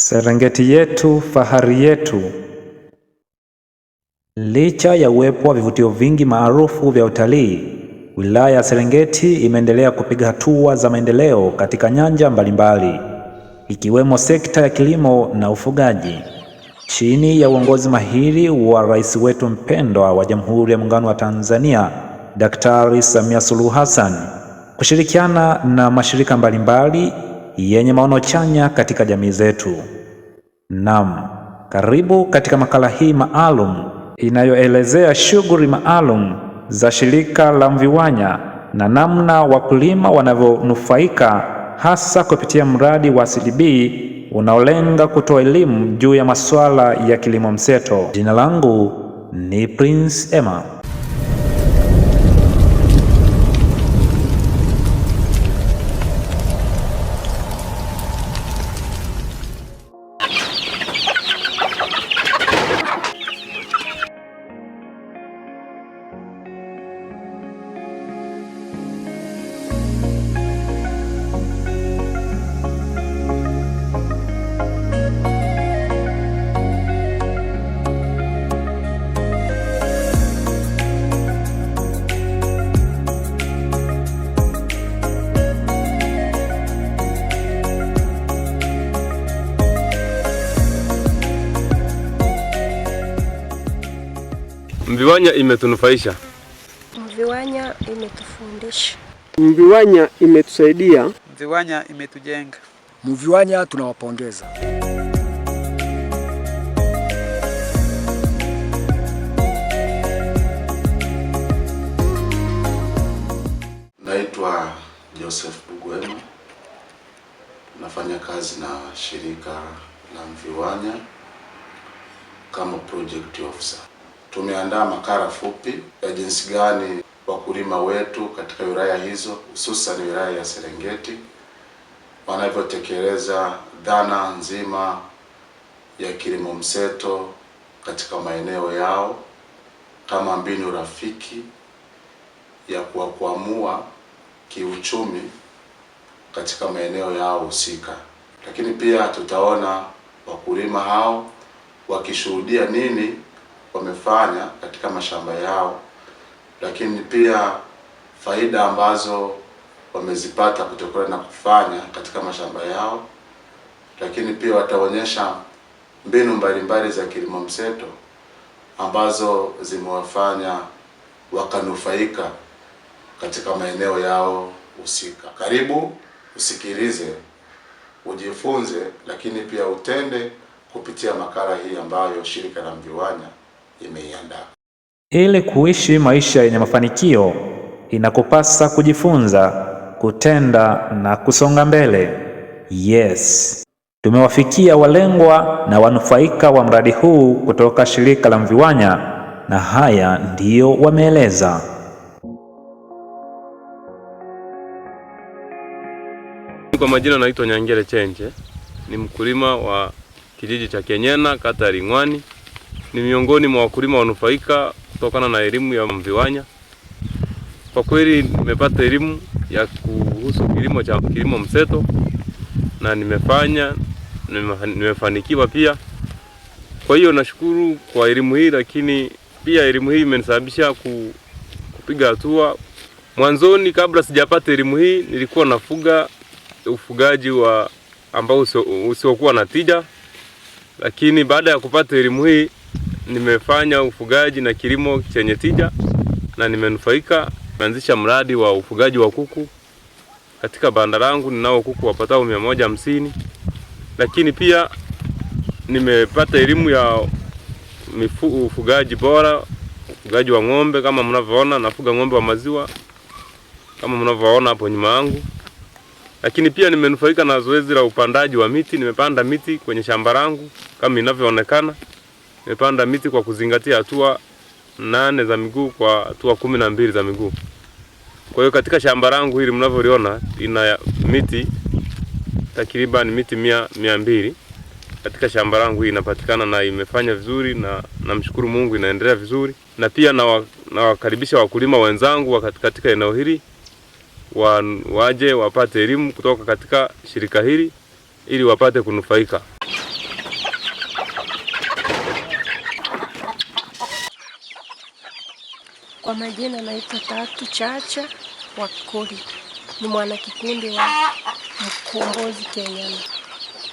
Serengeti yetu, fahari yetu. Licha ya uwepo wa vivutio vingi maarufu vya utalii, wilaya ya Serengeti imeendelea kupiga hatua za maendeleo katika nyanja mbalimbali, ikiwemo sekta ya kilimo na ufugaji. Chini ya uongozi mahiri wa rais wetu mpendwa wa Jamhuri ya Muungano wa Tanzania, Daktari Samia Suluhu Hassan, kushirikiana na mashirika mbalimbali yenye maono chanya katika jamii zetu. Naam, karibu katika makala hii maalum inayoelezea shughuli maalum za shirika la Mviwanya na namna wakulima wanavyonufaika hasa kupitia mradi wa CDB unaolenga kutoa elimu juu ya masuala ya kilimo mseto. Jina langu ni Prince Emma. Mviwanya imetunufaisha. Mviwanya imetufundisha. Mviwanya imetusaidia. Mviwanya imetujenga. Mviwanya tunawapongeza. Naitwa Joseph Bugweno, nafanya kazi na shirika la Mviwanya kama project officer tumeandaa makala fupi ya eh, jinsi gani wakulima wetu katika wilaya hizo hususan wilaya ya Serengeti wanavyotekeleza dhana nzima ya kilimo mseto katika maeneo yao kama mbinu rafiki ya kuwakwamua kiuchumi katika maeneo yao husika. Lakini pia tutaona wakulima hao wakishuhudia nini wamefanya katika mashamba yao, lakini pia faida ambazo wamezipata kutokana na kufanya katika mashamba yao, lakini pia wataonyesha mbinu mbalimbali za kilimo mseto ambazo zimewafanya wakanufaika katika maeneo yao husika. Karibu usikilize, ujifunze, lakini pia utende kupitia makala hii ambayo shirika la Mviwanya imeiandaa. Ili kuishi maisha yenye mafanikio, inakupasa kujifunza, kutenda na kusonga mbele. Yes. Tumewafikia walengwa na wanufaika wa mradi huu kutoka shirika la Mviwanya na haya ndiyo wameeleza. Kwa majina naitwa Nyangere Chenje, ni mkulima wa kijiji cha Kenyena, kata ya Ring'wani ni miongoni mwa wakulima wanufaika kutokana na elimu ya Mviwanya. Kwa kweli nimepata elimu ya kuhusu kilimo cha kilimo mseto na nimefanya nimefanikiwa pia. Kwa hiyo nashukuru kwa elimu hii, lakini pia elimu hii imenisababisha ku, kupiga hatua. Mwanzoni kabla sijapata elimu hii nilikuwa nafuga ufugaji wa ambao usiokuwa na tija, lakini baada ya kupata elimu hii nimefanya ufugaji na kilimo chenye tija na nimenufaika. Nimeanzisha mradi wa ufugaji wa kuku katika banda langu, ninao kuku wapatao mia moja hamsini, lakini pia nimepata elimu ya mifu, ufugaji bora, ufugaji wa ng'ombe. Kama mnavyoona, nafuga ng'ombe wa maziwa kama mnavyoona hapo nyuma yangu, lakini pia nimenufaika na zoezi la upandaji wa miti. Nimepanda miti kwenye shamba langu kama inavyoonekana. Nimepanda miti kwa kuzingatia hatua nane za miguu kwa hatua kumi na mbili za miguu. Kwa hiyo katika shamba langu hili mnavyoliona ina miti takriban miti mia, mia mbili katika shamba langu hii inapatikana na imefanya vizuri na namshukuru Mungu inaendelea vizuri, na pia nawakaribisha wa, na wakulima wenzangu katika eneo hili wa, waje wapate elimu kutoka katika shirika hili ili wapate kunufaika. Kwa majina naitwa Tatu Chacha Wakoli, ni mwanakikundi wa Mkombozi kenya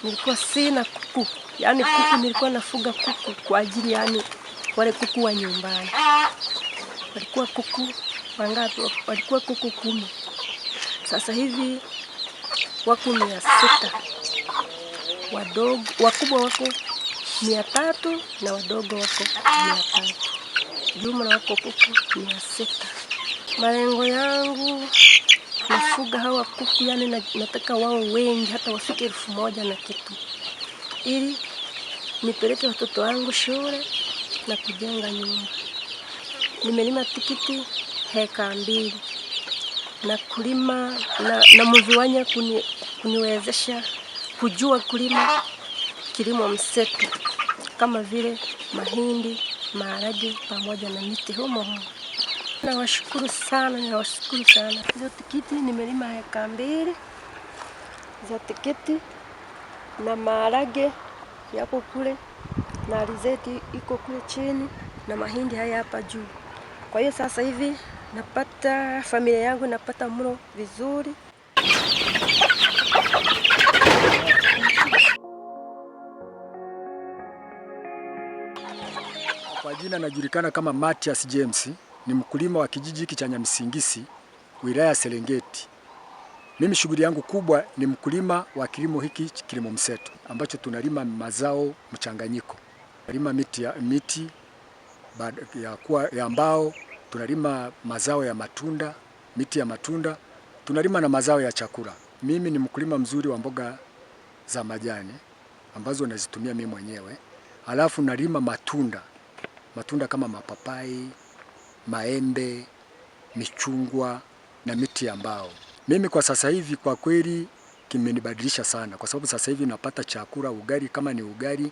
Nilikuwa sina kuku, yaani kuku nilikuwa nafuga kuku kwa ajili, yaani wale kuku wa nyumbani walikuwa kuku wangapi? Walikuwa kuku kumi, sasa hivi wako mia sita wadogo, wakubwa wako mia tatu na wadogo wako mia tatu jumla wako kuku mia sita. Malengo yangu kufuga hawa kuku, yani nataka wao wengi, hata wafike elfu moja na kitu, ili nipeleke watoto wangu shule na kujenga nyumba. Nimelima tikiti heka mbili na kulima na, na mviwanya kuni, kuniwezesha kujua kulima kilimo mseto kama vile mahindi, maharage pamoja na miti humo humo. Nawashukuru sana, nawashukuru sana. Hizo tikiti nimelima heka mbili za tikiti na maharage yako kule na alizeti iko kule chini na mahindi haya hapa juu. Kwa hiyo sasa hivi napata familia yangu, napata mlo vizuri. majina anajulikana kama Matias James, ni mkulima wa kijiji hiki cha nyamsingisi wilaya ya Serengeti. Mimi shughuli yangu kubwa ni mkulima wa kilimo hiki kilimo mseto ambacho tunalima mazao mchanganyiko. Tunalima miti ya, miti ya, kuwa, ya mbao, tunalima mazao ya matunda, miti ya matunda, tunalima na mazao ya chakula. Mimi ni mkulima mzuri wa mboga za majani ambazo nazitumia mimi mwenyewe, halafu nalima matunda matunda kama mapapai, maembe, michungwa na miti ya mbao. Mimi kwa sasa hivi kwa kweli kimenibadilisha sana, kwa sababu sasa hivi napata chakula ugali, kama ni ugali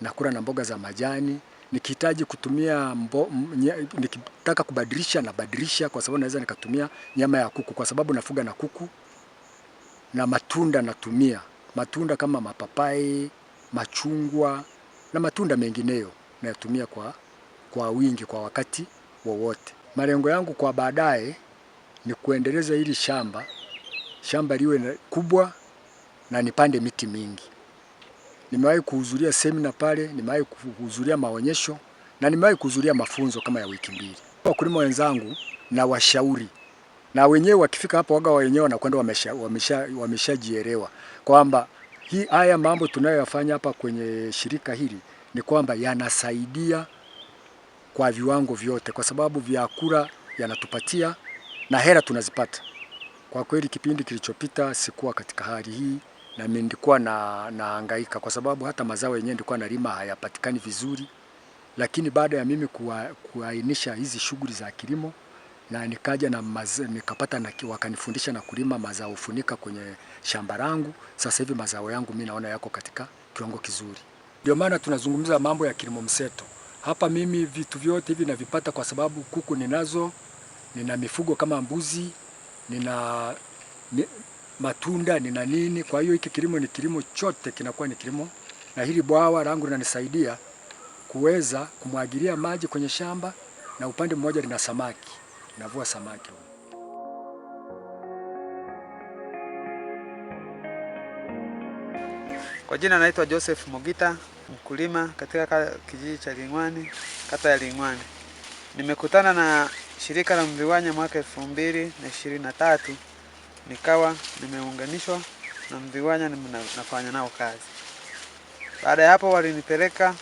nakula na mboga za majani. Nikihitaji kutumia mbo, mnya, nikitaka kubadilisha nabadilisha, kwa sababu naweza nikatumia nyama ya kuku, kwa sababu nafuga na kuku. Na matunda natumia matunda kama mapapai, machungwa na matunda mengineyo nayatumia kwa kwa wingi kwa wakati wowote. Malengo yangu kwa baadaye ni kuendeleza hili shamba, shamba liwe kubwa na nipande miti mingi. Nimewahi kuhudhuria semina pale, nimewahi kuhudhuria maonyesho na nimewahi kuhudhuria mafunzo kama ya wiki mbili. Wakulima wenzangu na washauri na wenyewe wakifika hapo waga wenyewe wanakwenda wameshajielewa wamesha, wamesha kwamba hii haya mambo tunayoyafanya hapa kwenye shirika hili ni kwamba yanasaidia kwa viwango vyote, kwa sababu vyakula yanatupatia na hela tunazipata. Kwa kweli kipindi kilichopita sikuwa katika hali hii na nilikuwa na nahangaika kwa sababu hata mazao yenyewe nilikuwa nalima hayapatikani vizuri, lakini baada ya mimi kuainisha hizi shughuli za kilimo na nikaja na mazao, nikapata na wakanifundisha na kulima mazao funika kwenye shamba langu. Sasa hivi mazao yangu mimi naona yako katika kiwango kizuri, ndio maana tunazungumza mambo ya kilimo mseto. Hapa mimi vitu vyote hivi navipata kwa sababu kuku ninazo, nina mifugo kama mbuzi, nina ni, matunda nina nini. Kwa hiyo hiki kilimo ni kilimo chote kinakuwa ni kilimo, na hili bwawa langu linanisaidia kuweza kumwagilia maji kwenye shamba, na upande mmoja lina samaki, navua samaki. Kwa jina naitwa Joseph Mogita mkulima katika kijiji cha Ling'wani, kata ya Ling'wani. Nimekutana na shirika la MVIWANYA mwaka elfu mbili na ishirini na tatu nikawa nimeunganishwa na MVIWANYA, nafanya nao kazi. Baada ya hapo, walinipeleka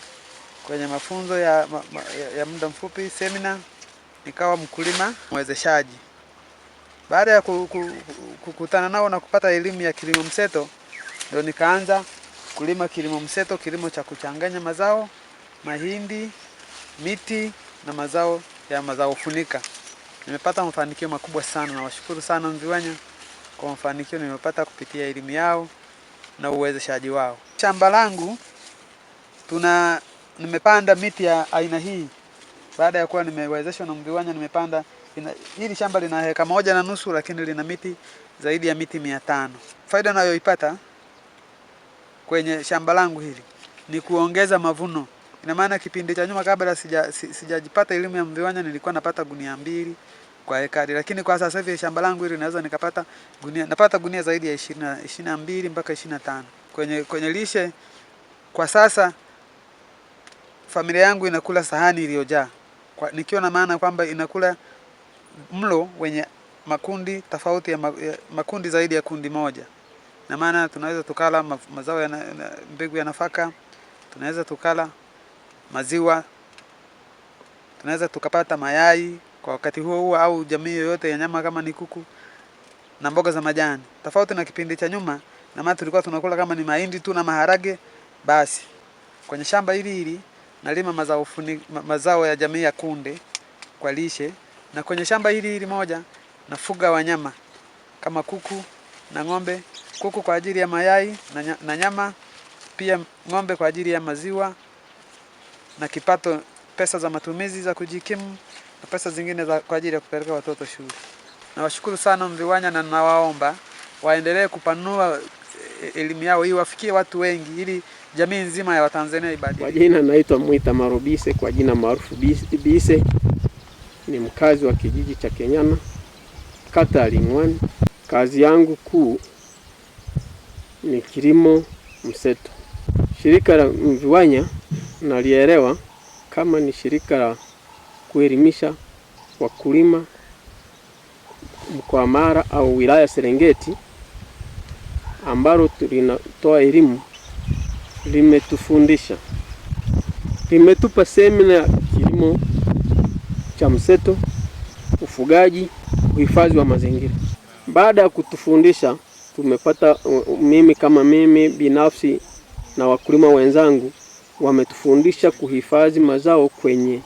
kwenye mafunzo ya, ya, ya muda mfupi semina, nikawa mkulima mwezeshaji. Baada ya kukutana nao na kupata elimu ya kilimo mseto, ndio nikaanza kulima kilimo mseto, kilimo cha kuchanganya mazao, mahindi, miti na mazao ya mazao funika. Nimepata mafanikio makubwa sana, nawashukuru sana Mviwanya kwa mafanikio nimepata kupitia elimu yao na uwezeshaji wao. Shamba langu tuna nimepanda miti ya aina hii baada ya kuwa nimewezeshwa na Mviwanya, nimepanda hili shamba lina heka moja na nusu, lakini lina miti zaidi ya miti mia tano. Faida nayoipata kwenye shamba langu hili ni kuongeza mavuno. Ina maana kipindi cha nyuma kabla sija, sijajipata elimu ya mviwanya nilikuwa napata gunia mbili kwa ekari, lakini kwa sasa hivi shamba langu hili naweza nikapata gunia, napata gunia zaidi ya 20 na mbili mpaka 25 na tano kwenye, kwenye lishe. Kwa sasa familia yangu inakula sahani iliyojaa, nikiwa na maana kwamba inakula mlo wenye makundi tofauti ya makundi zaidi ya kundi moja na maana tunaweza tukala mazao ya na, mbegu ya nafaka, tunaweza tukala maziwa, tunaweza tukapata mayai kwa wakati huo huo, au jamii yoyote ya nyama kama ni kuku na mboga za majani, tofauti na kipindi cha nyuma, na maana tulikuwa tunakula kama ni mahindi tu na maharage. Basi kwenye shamba hili hili nalima mazao, funi, mazao ya jamii ya kunde kwa lishe, na kwenye shamba hili hili moja nafuga wanyama kama kuku na ng'ombe kuku kwa ajili ya mayai na nyama, pia ng'ombe kwa ajili ya maziwa na kipato, pesa za matumizi za kujikimu na pesa zingine za kwa ajili ya kupeleka watoto shule. Nawashukuru sana Mviwanya na nawaomba waendelee kupanua e, e, elimu yao hii wafikie watu wengi ili jamii nzima ya Watanzania ibadilike. Kwa jina naitwa Mwita Marobise, kwa jina maarufu Bise, ni mkazi wa kijiji cha Kenyana, kata ya Ling'wani. Kazi yangu kuu ni kilimo mseto. Shirika la Mviwanya nalielewa kama ni shirika la kuelimisha wakulima mkoa wa Mara au wilaya Serengeti, ambalo linatoa elimu, limetufundisha, limetupa semina ya kilimo cha mseto, ufugaji, uhifadhi wa mazingira. Baada ya kutufundisha tumepata mimi kama mimi binafsi na wakulima wenzangu wametufundisha kuhifadhi mazao kwenye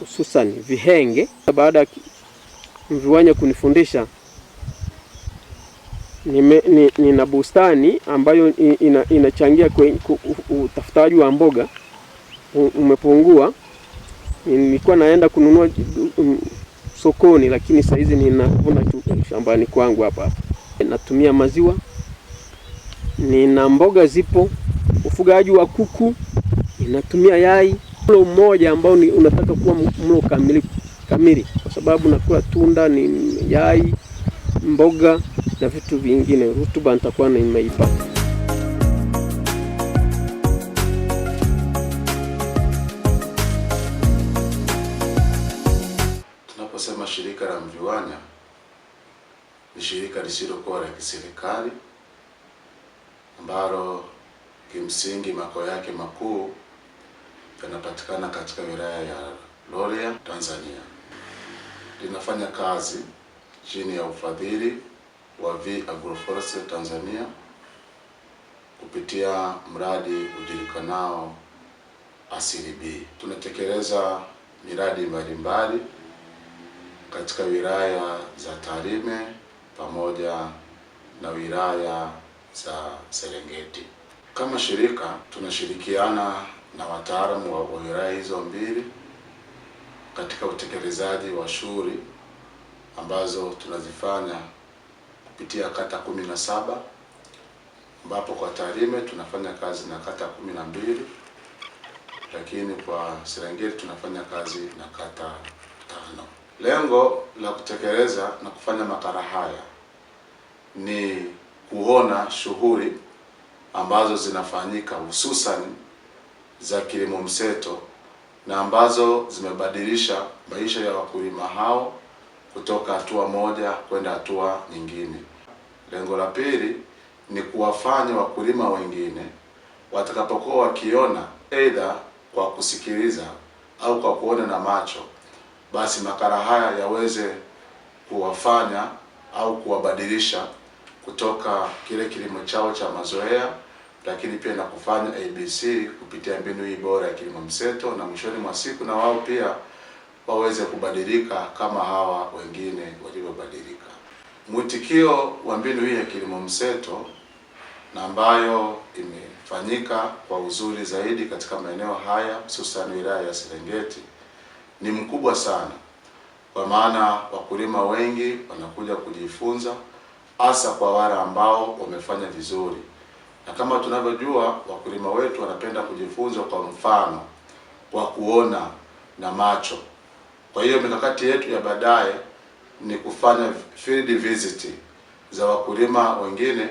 hususani vihenge. Baada ya mviwanya kunifundisha nime, ni, nina bustani ambayo ina, inachangia kwenye utafutaji wa mboga umepungua. Nilikuwa naenda kununua mm, sokoni, lakini saizi ninavuna shambani kwangu hapa hapa natumia maziwa, nina mboga zipo, ufugaji wa kuku inatumia yai. Mlo mmoja ambao ni unataka kuwa mlo kamili kamili, kwa sababu nakula tunda ni yai, mboga na vitu vingine, rutuba nitakuwa nimeipata. shirika lisilokuwa la kiserikali ambalo kimsingi makao yake makuu yanapatikana katika wilaya ya Rorya, Tanzania. Linafanya kazi chini ya ufadhili wa V Agroforestry Tanzania kupitia mradi ujulikanao Asili B. Tunatekeleza miradi mbalimbali katika wilaya za Tarime pamoja na wilaya za Serengeti. Kama shirika tunashirikiana na wataalamu wa wilaya hizo mbili katika utekelezaji wa shughuli ambazo tunazifanya kupitia kata kumi na saba ambapo kwa Tarime tunafanya kazi na kata kumi na mbili lakini kwa Serengeti tunafanya kazi na kata tano. Lengo la kutekeleza na kufanya makala haya ni kuona shughuli ambazo zinafanyika hususan za kilimo mseto na ambazo zimebadilisha maisha ya wakulima hao kutoka hatua moja kwenda hatua nyingine. Lengo la pili ni kuwafanya wakulima wengine watakapokuwa wakiona aidha kwa kusikiliza au kwa kuona na macho, basi makala haya yaweze kuwafanya au kuwabadilisha kutoka kile kilimo chao cha mazoea, lakini pia na kufanya ABC kupitia mbinu hii bora ya kilimo mseto, na mwishoni mwa siku na wao pia waweze kubadilika kama hawa wengine walivyobadilika. Mwitikio wa mbinu hii ya kilimo mseto na ambayo imefanyika kwa uzuri zaidi katika maeneo haya hususan wilaya ya Serengeti ni mkubwa sana, kwa maana wakulima wengi wanakuja kujifunza hasa kwa wale ambao wamefanya vizuri, na kama tunavyojua wakulima wetu wanapenda kujifunza kwa mfano wa kuona na macho. Kwa hiyo mikakati yetu ya baadaye ni kufanya field visit za wakulima wengine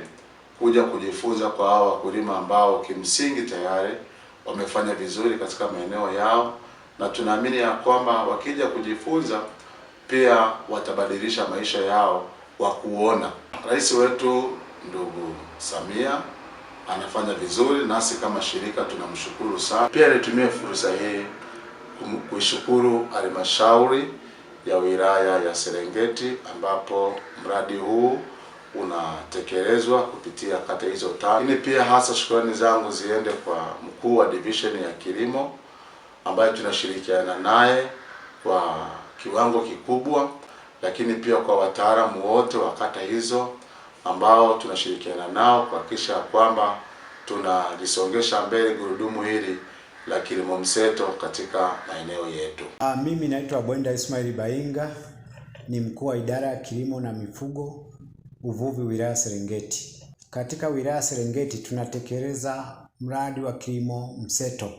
kuja kujifunza kwa hao wakulima ambao kimsingi tayari wamefanya vizuri katika maeneo yao, na tunaamini ya kwamba wakija kujifunza pia watabadilisha maisha yao kwa kuona. Rais wetu ndugu Samia anafanya vizuri, nasi kama shirika tunamshukuru sana. Pia nitumie fursa hii kuishukuru halmashauri ya wilaya ya Serengeti ambapo mradi huu unatekelezwa kupitia kata hizo tano. Lakini pia hasa shukrani zangu ziende kwa mkuu wa division ya kilimo ambaye tunashirikiana naye kwa kiwango kikubwa lakini pia kwa wataalamu wote wa kata hizo ambao tunashirikiana nao kuhakikisha kwamba tunalisongesha mbele gurudumu hili la kilimo mseto katika maeneo yetu. Ah, mimi naitwa Bwenda Ismail Bainga ni mkuu wa idara ya kilimo na mifugo uvuvi wilaya Serengeti. Katika wilaya Serengeti tunatekeleza mradi wa kilimo mseto,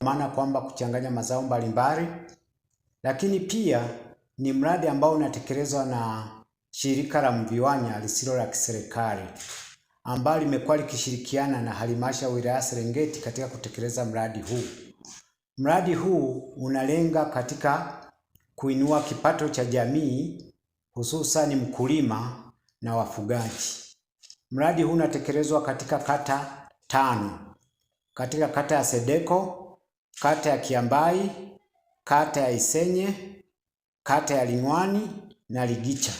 maana kwamba kuchanganya mazao mbalimbali, lakini pia ni mradi ambao unatekelezwa na shirika la Mviwanya lisilo la kiserikali ambalo limekuwa likishirikiana na halmashauri ya wilaya Serengeti katika kutekeleza mradi huu. Mradi huu unalenga katika kuinua kipato cha jamii hususani mkulima na wafugaji. Mradi huu unatekelezwa katika kata tano, katika kata ya Sedeko, kata ya Kiambai, kata ya Isenye kata ya Ling'wani na Ligicha.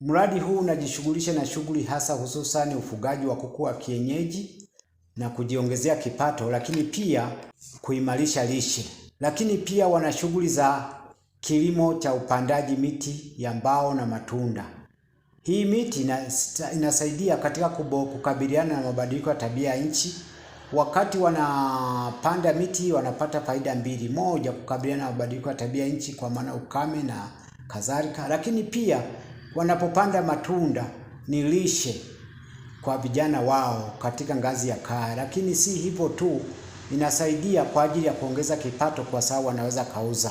Mradi huu unajishughulisha na shughuli hasa hususani ufugaji wa kuku wa kienyeji na kujiongezea kipato, lakini pia kuimarisha lishe. Lakini pia wana shughuli za kilimo cha upandaji miti ya mbao na matunda. Hii miti inasaidia katika kukabiliana na mabadiliko ya tabia ya nchi wakati wanapanda miti wanapata faida mbili. Moja, kukabiliana na mabadiliko ya tabia nchi kwa maana ukame na kadhalika, lakini pia wanapopanda matunda ni lishe kwa vijana wao katika ngazi ya kaya. Lakini si hivyo tu, inasaidia kwa ajili ya kuongeza kipato, kwa sababu wanaweza kauza.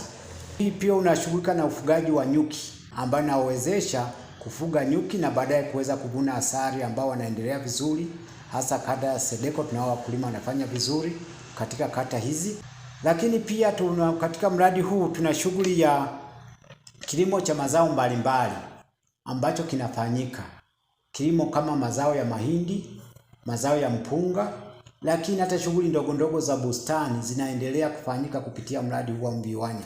Hii pia unashughulika na ufugaji wa nyuki ambayo inawezesha kufuga nyuki na baadaye kuweza kuvuna asali ambao wanaendelea vizuri hasa kada ya Sedeco, tunao wakulima wanafanya vizuri katika kata hizi, lakini pia tuna, katika mradi huu tuna shughuli ya kilimo cha mazao mbalimbali ambacho kinafanyika, kilimo kama mazao ya mahindi, mazao ya mpunga, lakini hata shughuli ndogo ndogo za bustani zinaendelea kufanyika kupitia mradi huu wa Mbiwani.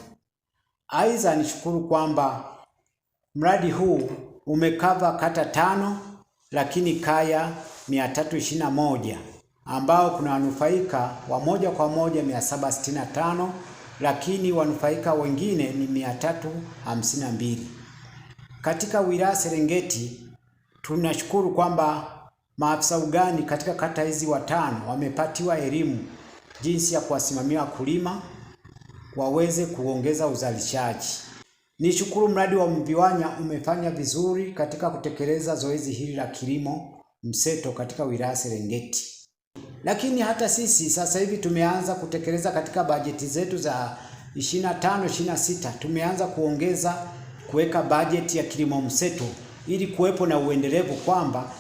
Aidha, nishukuru kwamba mradi huu umekava kata tano lakini kaya 321 ambao kuna wanufaika wa moja kwa moja 765 lakini wanufaika wengine ni 352. Katika wilaya Serengeti tunashukuru kwamba maafisa ugani katika kata hizi watano wamepatiwa elimu jinsi ya kuwasimamia wakulima waweze kuongeza uzalishaji. Ni shukuru mradi wa Mviwanya umefanya vizuri katika kutekeleza zoezi hili la kilimo mseto katika wilaya Serengeti. Lakini hata sisi sasa hivi tumeanza kutekeleza katika bajeti zetu za 25 26, tumeanza kuongeza kuweka bajeti ya kilimo mseto ili kuwepo na uendelevu kwamba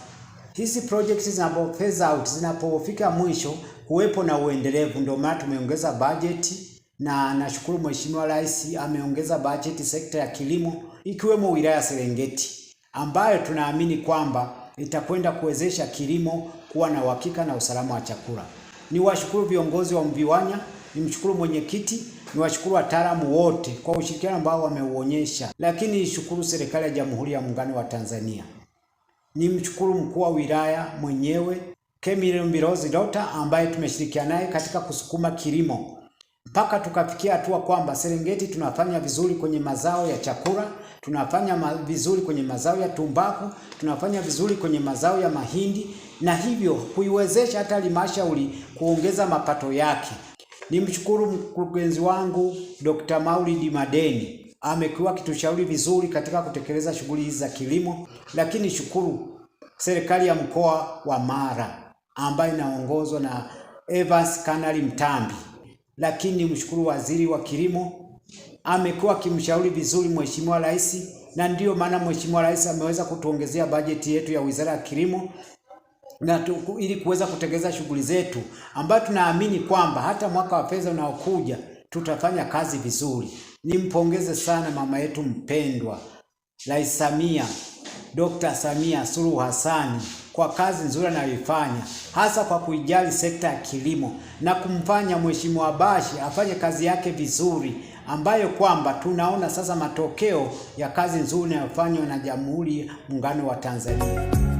hizi projects zinapo phase out zinapofika mwisho kuwepo na uendelevu. Ndio maana tumeongeza bajeti, na nashukuru Mheshimiwa Rais ameongeza bajeti sekta ya kilimo ikiwemo wilaya Serengeti ambayo tunaamini kwamba itakwenda kuwezesha kilimo kuwa na uhakika na usalama wa chakula. Niwashukuru viongozi wa Mviwanya, nimshukuru mwenyekiti, niwashukuru wataalamu wote kwa ushirikiano ambao wameuonyesha, lakini nishukuru serikali ya Jamhuri ya Muungano wa Tanzania. Nimshukuru mkuu wa wilaya mwenyewe Kemilo Mbilozi ambaye tumeshirikiana naye katika kusukuma kilimo mpaka tukafikia hatua kwamba Serengeti tunafanya vizuri kwenye mazao ya chakula, tunafanya ma vizuri kwenye mazao ya tumbaku, tunafanya vizuri kwenye mazao ya mahindi na hivyo kuiwezesha hata halmashauri kuongeza mapato yake. Nimshukuru mkurugenzi wangu Dr. Maulidi Madeni, amekuwa kitushauri vizuri katika kutekeleza shughuli hizi za kilimo, lakini shukuru serikali ya mkoa wa Mara ambayo inaongozwa na Evans Kanali Mtambi lakini mshukuru waziri wa kilimo amekuwa akimshauri vizuri mheshimiwa rais, na ndiyo maana mheshimiwa rais ameweza kutuongezea bajeti yetu ya wizara ya kilimo na tu, ili kuweza kutekeleza shughuli zetu ambayo tunaamini kwamba hata mwaka wa fedha unaokuja tutafanya kazi vizuri. Nimpongeze sana mama yetu mpendwa Rais Samia, Dr. Samia Suluhu Hassani kwa kazi nzuri anayoifanya hasa kwa kuijali sekta ya kilimo na kumfanya Mheshimiwa Bashe afanye kazi yake vizuri, ambayo kwamba tunaona sasa matokeo ya kazi nzuri inayofanywa na Jamhuri Muungano wa Tanzania.